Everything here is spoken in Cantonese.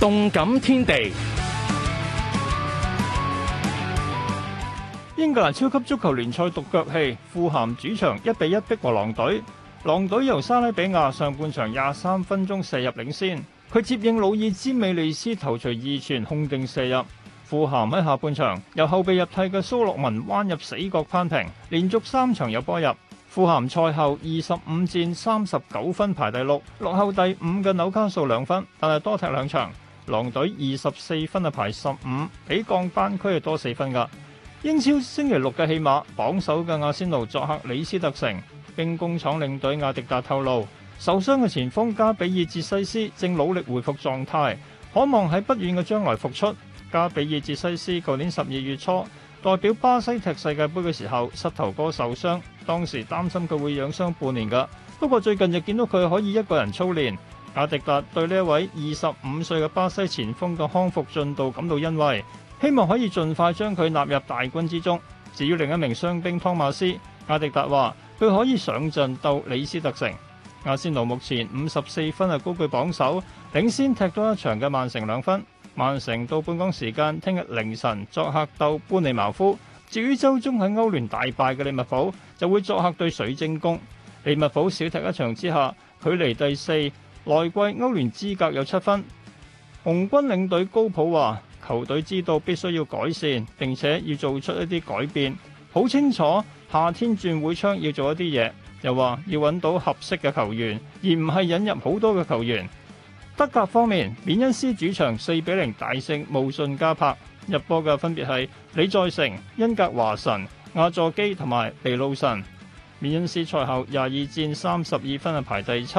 動感天地，英格蘭超級足球聯賽獨腳戲，富咸主場一比一逼和狼隊。狼隊由沙拉比亞上半場廿三分鐘射入領先，佢接應魯爾占美利斯頭槌二傳控定射入。富咸喺下半場由後備入替嘅蘇洛文彎入死角扳平，連續三場有波入。富咸賽後二十五戰三十九分排第六，落後第五嘅紐卡素兩分，但係多踢兩場。狼隊二十四分啊排十五，比降班區多四分噶。英超星期六嘅戲碼，榜首嘅阿仙奴作客李斯特城。兵工廠領隊阿迪達透露，受傷嘅前鋒加比爾哲西斯正努力恢復狀態，可望喺不遠嘅將來復出。加比爾哲西斯舊年十二月初代表巴西踢世界杯嘅時候，膝頭哥受傷，當時擔心佢會養傷半年噶，不過最近就見到佢可以一個人操練。阿迪達對呢位二十五歲嘅巴西前鋒嘅康復進度感到欣慰，希望可以盡快將佢納入大軍之中。至於另一名傷兵湯馬斯，阿迪達話佢可以上陣鬥李斯特城。阿仙奴目前五十四分係高居榜首，領先踢多一場嘅曼城兩分。曼城到半工時間，聽日凌晨作客鬥般尼茅夫。至於週中喺歐聯大敗嘅利物浦，就會作客對水晶宮。利物浦少踢一場之下，距離第四。來季歐聯資格有七分，紅軍領隊高普話：球隊知道必須要改善，並且要做出一啲改變，好清楚夏天轉會窗要做一啲嘢。又話要搵到合適嘅球員，而唔係引入好多嘅球員。德甲方面，緬恩斯主場四比零大勝慕遜加柏。入波嘅分別係李在成、恩格華神、亞座基同埋尼魯神。緬恩斯賽後廿二戰三十二分，係排第七。